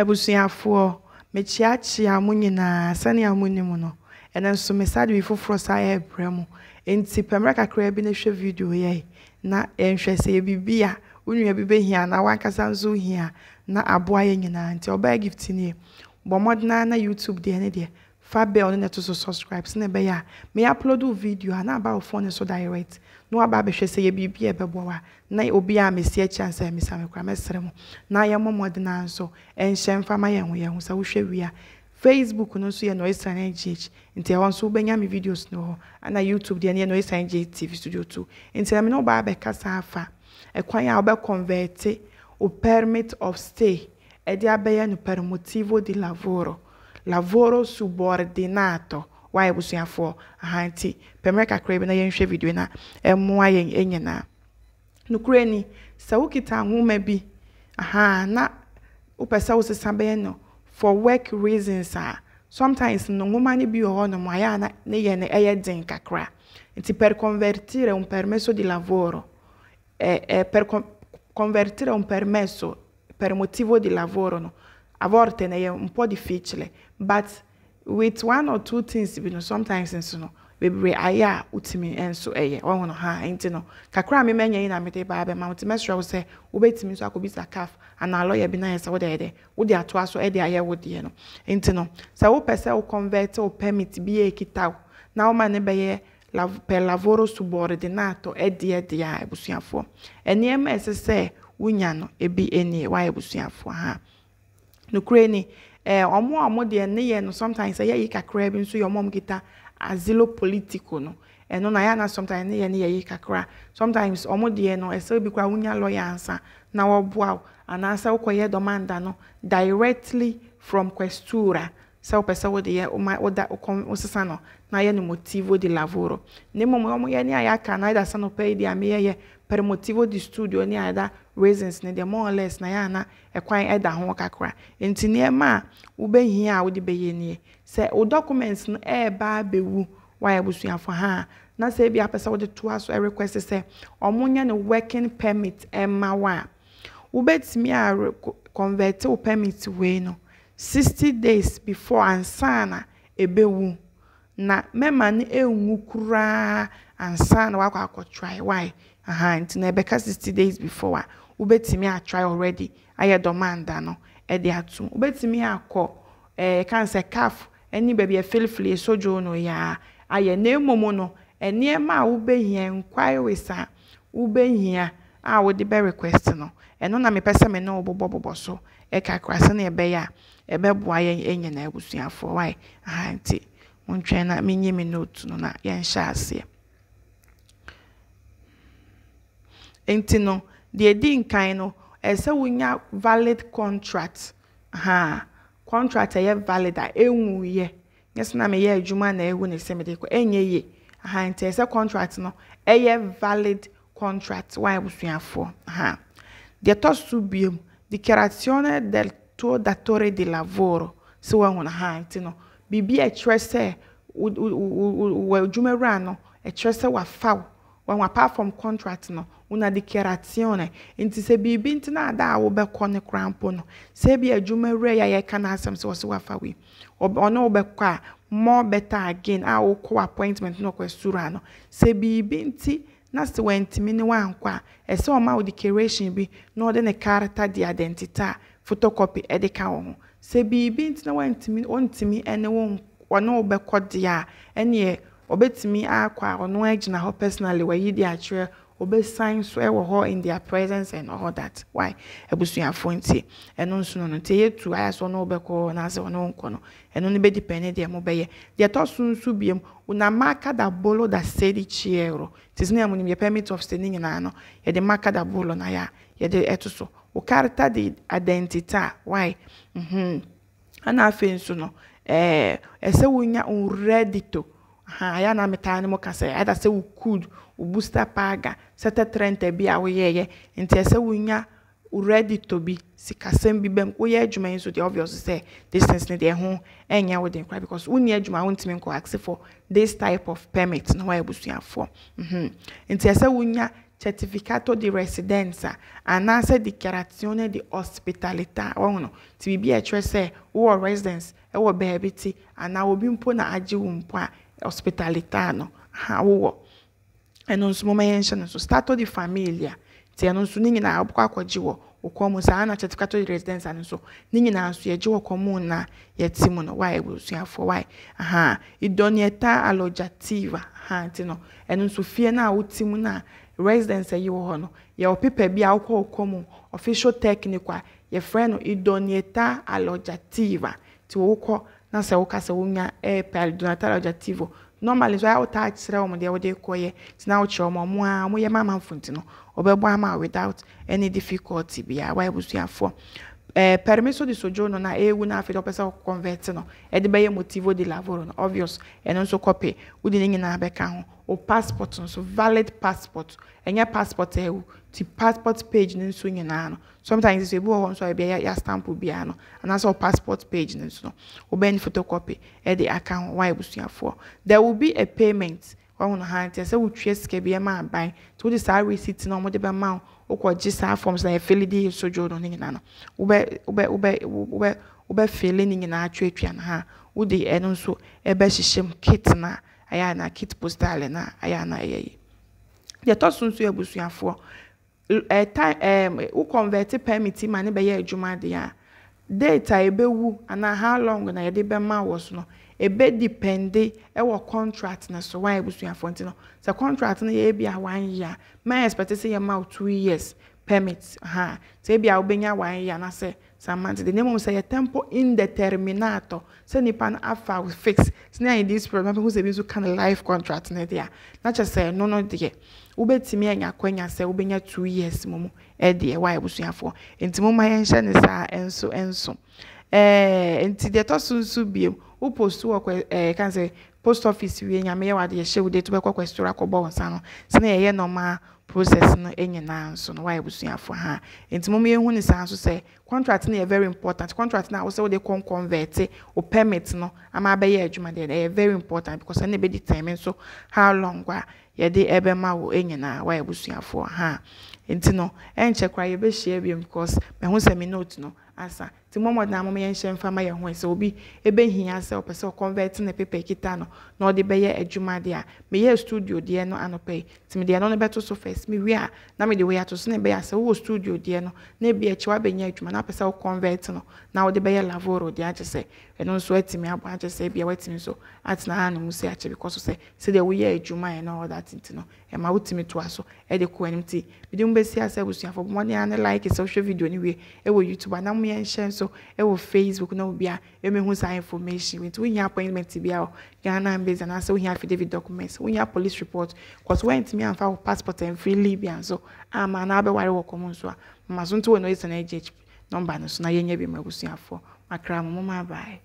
abusuafoɔ mekyeakyea mo nyinaa sɛnea monim no ɛno nso me saa de bi foforɔ saa yɛbrɛ mu nti pɛ kakraa bi na hwɛ video ya na yɛnhwɛ sɛ yɛbiribi a wo nua bi bɛhia na wankasa nso wohia na aboa yɛ nyinaa nti ɔbaa gift nie bɔ mmɔdena na youtube deɛ ne deɛ fa bell ne to so subscribe sɛ na ɛbɛyɛ a meyɛ upload video a na aba wo phone so direct na waba abɛhwɛ sɛ yɛ biribi a ɛbɛboa wa na obi a mesi akyi ansa mesa me kora mɛsrɛ mo na yɛmmɔ mmɔden a nso ɛnhyɛ mfa ma yɛn ho yɛn ho sɛ wohwɛ wie a facebook no nso yɛ noisa ne gh nti ɛhɔ nso wobɛnya me videos no hɔ ana youtube deɛ no yɛ noisa ne tv studio 2 nti ɛme ne wobaa bɛka saa afa ɛkwan a wobɛconverte o permit of stay ɛde abɛyɛ no permotivo de lavoro lavoro subordinato wayɛ abusuafoɔ aha nti pɛmɛ kakra bi na yɛnhwɛ video na ɛmoa yɛn nyinaa nukura ni sɛ bi aha na wopɛ sɛ wosesa no for work reasons a ah, sometimes no nwoma no bi wɔ hɔnom ayɛ a na ne yɛ no ɛyɛ den kakra nti per convertire un permesso di lavoro eh, eh, per convertire un permesso per motivo di lavoro no a volte ne yɛ e un po' difficile but with one or two things you know, sometimes you know, bebree ayɛ utimi wotumi nso ɛyɛ wɔn ha nti no kakra a mema yi na mede ba abɛma wɔn ti mɛsrɛ wo sɛ wobɛtumi nso akɔbisa caf anaa lɔya bi na sɛ wode ɛdɛ wode atoa so ɛde ayɛ wo no nti no sɛ wopɛ sɛ wo convert wo permit bi yɛ kita wo na woma ne bɛyɛ per lavoro subordinato ɛdeɛ deɛ a abusuafoɔ nneɛma ɛsɛ sɛ wonya no ebi nie woayɛ abusuafoɔ ha nokorɛ ni ɔmo eh, a ɔmo ne yɛ no sometimes ɛyɛ eh, yi kakra bi nso yɛ ɔmo a ɔmo kita azilo politico no ɛno eh, na yɛn na sometimes ne yɛ ne yɛ kakra sometimes ɔmo deɛ no ɛsɛ obi kora wonya lɔya ansa na wɔboa o anaasɛ wokɔyɛ dɔmanda no directly from questura sɛ wopɛ sɛ wode yɛ woma woda wokɔm wosesa no na yɛ no motivo di lavoro na mmom ɔmo yɛ ne a yɛaka na ɛda sa no pɛ yi deɛ ameyɛyɛ per motivo di studio ne a ɛda reasons ne deɛ more or less na yɛ ana ɛkwan ɛda ho kakra nti nneɛma a wobɛhia a wode bɛyɛ nie sɛ wo documents no ɛɛba abɛwu wayɛ abusuafo ha na sɛ ebi apɛ sɛ wode toa so request sɛ ɔmo nyɛ ne working permit ɛma wo a wobɛtumi a convert wo permit wei no sixty days before ansa na ebewu na mmarima no enwu koraa ansa na wakɔ akɔ try why aha nti na ɛbɛka sixty days before a wobɛtumi atry already ayɛ dɔmanda no ɛde e atum wobɛtumi akɔ ɛɛ e, kansa caf ɛne baabi ɛfilifili e sojo no yaa ayɛ na emom no nneɛma a wobɛhia inquiries a wobɛhia. a wode bɛ request no ɛno na mepɛ sɛ so ɛkakra sɛne ɛbɛyɛ a ɛbɛboa yɛn ɛnyɛ na abusuafoɔ wae aha nti montwɛn na menye me note no na yɛnhyɛ aseɛ nti no deɛ di nkan no ɛsɛ wonya valid contract contract ɛyɛ valid a nyɛ sɛ na meyɛ adwuma na ɛwu ne sɛ mede kɔ ɛnyɛ yie aha nti ɛsɛ contract no ɛyɛ valid contract wa abusuafoɔ ha deɛ tɔ subium, biom dichiarazione del tuo datore di lavoro sɛ woahunu ha nti no biribi a ɛkyerɛ sɛ wɔ adwumawura no ɛkyerɛ sɛ wafa wo wɔn apart from contract no una dichiarazione nti se bibi nti na ada a wobɛkɔ ne koraa mpo no sɛ bi adwumawura yi a yɛka no asɛm sɛ wɔsɛ wafa wei ɔno wobɛkɔ a more better again a wokɔ appointment na ɔkɔ asura no sɛ biribi nti na sɛ wɔntumi ne wankɔ a ɛsɛ ɔma wo declaration bi na ɔde ne karata di identity a photocopy de ka wo ho sɛ biribi nti na wɔntumi wɔntumi ne wo ɔne wo bɛkɔ deɛ a ɛneɛ ɔbɛtumi akɔ a ɔno agyina hɔ personally wɔayi de akyerɛ wɔbɛsan so wɔ hɔ in their presence and all that why abusuafoɔ nti ɛno nso no no nti yɛ tu ayɛ so ɔno wɔbɛkɔ anaasɛ ɔno nkɔ no ɛno no bɛdi pɛne deɛ mobɛyɛ deɛ ɛtɔ so nso biem una marca da bolo da 16 euro nti sɛ no yɛ permit of stay ne nyinaa no yɛde maka da bolo na yɛ a yɛde ɛto so wo de identita why ɛna mhm. afei nso no ɛɛ eh, ɛsɛ wonya wo ready to ha ya na metaa ne mu kasa ya da sɛ wo could wo booster paaga sɛ tɛtrɛntɛ bi a woyɛɛyɛ nti ɛsɛ wonya ready to bi sikasɛm bi bɛm woyɛ adwuma yi nso deɛ obvious sɛ distance ne deɛ ho ɛnyɛ wo den koraa because wonni adwuma a wontumi nkɔ ask for this type of permit na woayɛ busuafoɔ mhm. nti ɛsɛ wonya certificato di residenza anaasɛ declarazione di hospitalità wɔn no ti biribi a ɛkyerɛ sɛ wowɔ residence ɛwɔ baabi ti anaa obi mpo na agye wo mpo a ospitalità, no? ha uo. E non su yɛnhyɛ non su stato di famiglia. Se non su nini na nyinaa kwa kwa jiwo. wo musa ana certificato di residenza. Non su nini na su ye jiwo kwa muna ye mu na yɛte mu su ya fo. waayɛ aha idonieta alojativa aha nti no e non su fie na u wote mu residenza a hono. Ye wɔ hɔ no yɛwɔ pepa mu official technique a yɛfrɛ no idonieta alojativa Ti wokɔ na sɛ woka sɛ wonya ɛɛpɛ eh, adonatara agyativo normally nso a wotaa kyerɛ wɔn deɛ wɔde kɔyɛ nti na wokyerɛ wɔn ɔmo a ɔmo yɛ mama mfonti no ɔbɛbɔ ama without any difficulty biara wɔayɛ busuafoɔ. eh, permesso de soggiorno na e una afidɔ pɛ converte não é de bɛyɛ motivo de lavoro é obvious ɛno nso o de ninguém na bɛka ho o passport nso valid passport ɛnyɛ passport ɛwo o passport page ne nso nyinaa no sometimes ebi wɔ hɔ nso a ebi yɛ stamp biara no anaasɛ o passport page ne nso no obɛn photocopy ɛde aka ho wa ebusuafoɔ there will be a payment wɔn ho hand se eu tivesse que sika bi ɛma aban nti wode saa receipt na wɔde bɛma ho. wokɔgye saa fɔm sɛ ɛfili di sojo no ne nyinaa no wobɛ wobɛ wobɛ wobɛ wobɛ fili ne nyinaa atwatwa no ha wode ɛno nso ɛbɛhyehyɛ mu kit na ɛyɛ ana kit postal na ɛyɛ ana ɛyɛ yi deɛ ɛtɔ so nso yɛ abusuafoɔ ɛta ɛɛm wokɔnvɛte permit ma ne bɛyɛ adwuma deɛ a date a ɛbɛwu anaa how long na yɛde bɛma wɔ so no ebe depende ɛwɔ contract na so wɔn a ebusuafo nti no sɛ contract no yɛ ebi a one year mɛ expect sɛ yɛ ma two years permit ha sɛ ebi a wobɛnya one year na sɛ samanti de ne mu sɛ yɛ tempo indeterminato sɛ nipa no afa fix sɛ ne ayɛ dis problem ahu sɛ ebi nso ka life contract ne deɛ na kyerɛ sɛ no no deɛ wobɛtumi anya akɔnya sɛ wobɛnya two years mu mu e ɛdeɛ wɔn a ebusuafo nti ma yɛn hyɛ ne saa ɛnso ɛnso ɛɛ eh, nti deɛ ɛtɔ so nso biem wo post wɔ kwɛ ɛɛ kan sɛ post office wie nyame yɛ wade yɛhyɛ wo de to bɛkɔ kwɛsitoro akɔbɔ wɔn nsa no sani ɛyɛ normal process no nyinaa nso no wayɛ busuafo ha nti mo yɛn hu ne saa nso sɛ contract no yɛ very important contract no a wosɛ wode kɔn convert o permit no ama abɛyɛ adwuma deɛ ɛyɛ very important because ɛna ebe time so how long a yɛde ɛbɛma wo nyinaa wayɛ busuafo ha nti no ɛnkyɛ koraa yɛbɛhyia bi because mɛho sɛ me note no asa nti na a mmɔmmɔ yɛn nhyɛ mfama yɛn ho sɛ obi ebɛhia sɛ ɔpɛ sɛ ɔkɔnvɛt ne pepa kita no na ɔde bɛyɛ adwuma deɛ meyɛ studio deɛ no anɔpɛ yi nti mi deɛ no no bɛto so fɛs mi wi na mi de wei ato so na ebɛyɛ asɛ wowɔ studio deɛ no na ebi akyi wabɛnya adwuma na apɛ sɛ ɔkɔnvɛt no na ɔde bɛyɛ lavoro deɛ agye sɛ ɛno nso atumi abo agye sɛ ebi a watumi nso atena ha ne mu si akyɛ bikɔ so sɛ sɛdeɛ woyɛ adwuma yɛn na ɔda tete e ɛma wotumi to aso ɛde kɔ anim ti bi de mu bɛsi asɛ abusuafo mmɔden ne like social ɔhwɛ video ne wie ɛwɔ youtube na mo yɛn nhyɛ so So, e wɔ facebook na obi a ɛmɛhu e saa information nti wonya appointment bi a ghana base anaasɛ wonya affidavit documents wonya police report cause wɔntumi amfa wo passport amfiri libya nso ama na abɛware wɔ kɔm nso a mama so nto wɔ no ɔyɛ sɛ no agya number no so na yɛnyɛ bi ma abusuafoɔ makra mo moma abae